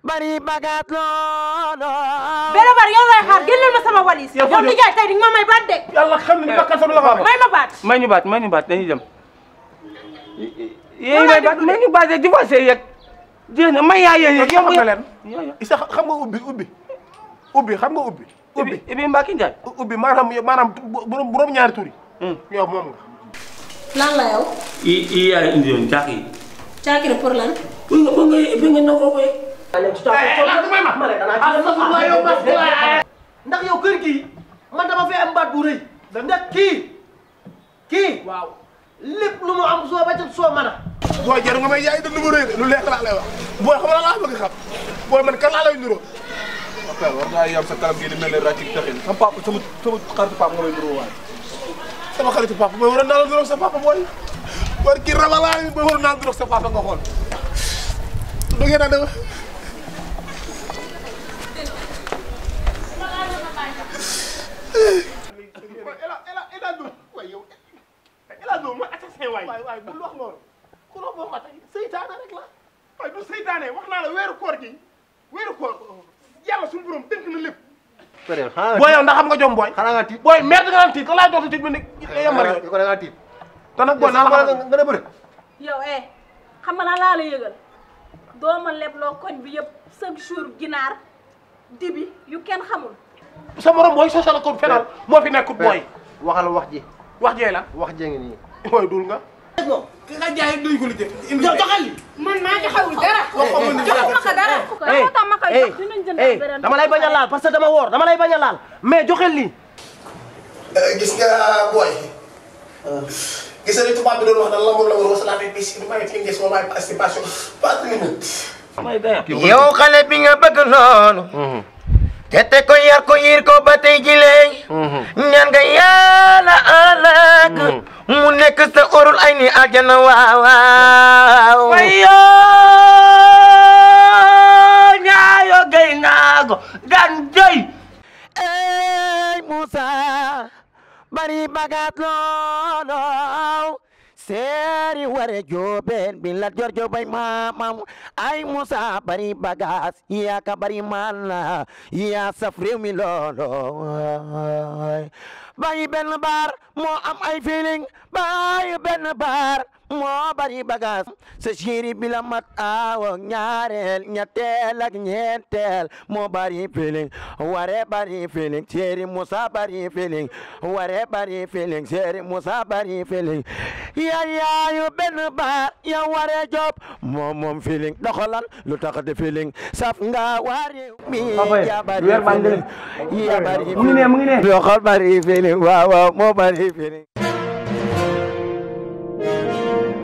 bari bagaat loolo. benn bar yow lay xaar génneel ma sama walis. yow di jaay tey di nga ma may baat de. yàlla xam ne bakkan sama la ko may ma baat. may ñu baat may ñu baat dañuy dem. yéen may baat may ñu baat di divorcé yeeg. jéem a may yaa yéen yow xam nga leen. isa xam nga ubbi ubbi. ubbi xam nga ubbi. ubbi Ibi Mbacke Ndiaye. ubbi maanaam maanaam borom ñaari tur yi. Hmm. yow moom nga. lan la yow. i i yaa indi yoon caaki yi. caaki la pour lan. nga bu ndax yow kër gii man dama fee am baat bu rëy ndax kii kii waaw lépp lu mu am soo ba ca soo mën a booy jaru nga la yaay dund mu rëy de lu leer laa lay wax booy xam la laa bëgg xam booy man kan laa lay nuroo waaw war ngaa yam sa kanam gi di mel ne ràcc taxin sama papa sama sama xaritu papa nga lay nuroo waay sama xaritu papa booy war naa la sa papa booy war kii rabalaay booy war naa la sa papa nga xool da ngeen a waay waay bul wax loolu ku la boo ma tey seytaane rek la waay du seytaane wax naa la weeru koor gi weeru koor yàlla suñu borom tënk na lépp péré xanaa booy yow ndax xam nga jom booy xanaa nga tiit booy maire da nga naan tiit la laa jox tiit bi ni yamar ko da nga tiit te nag booy naa la nga ne bëri yow eh xam nga laa la yëgal doo ma lebloo koñ bi yëpp chaque jour ginaar dibi yu kenn xamul sa morom booy social kon fenal moo fi nekkut booy waxal wax ji wax jee la wax jee ngi nii mooy dul nga moom ki nga jaay duñ ko lijjël indi joxal li man maa joxawul dara joxuma ko dara moo tax ma koy jox dinañ jënd dama lay bañ a laal parce que dama woor dama lay bañ a laal mais joxel lii eh, gis nga booy gis nga li tubaab bi doon wax daal la moom la war a wasalaat bi si may fi ngeen si moom ay participation pas minute yow xale bi nga bëgg noonu mm-hmm. kete ko yar ko yiir ko ba tey jilee mhm. ñaan nga yàlla alak mhm. mu nekk sa urul ay ni aljana waaw wayo ñaayo gay naago dan joy ey Moussa bari bagaat loolo seeri ware joben bi la jor jobay mamam ay musa bari bagas iya ka bari mana iya saf réew mi looloy bayi benn baar moo am ay feeling bayi benn baar moo bari bagas sa chéri bi mat awo ñaareel ñetteel ak ñeenteel moo bari feeling ware bari feeling chéri musa bari feeling yaayaayu benn baar ya waree job moom moom feeling doxalan lu tax di feeling saf nga waare mi ya bari feeling ya bari feeling doxal bari feeling waaw waaw moo bari feeling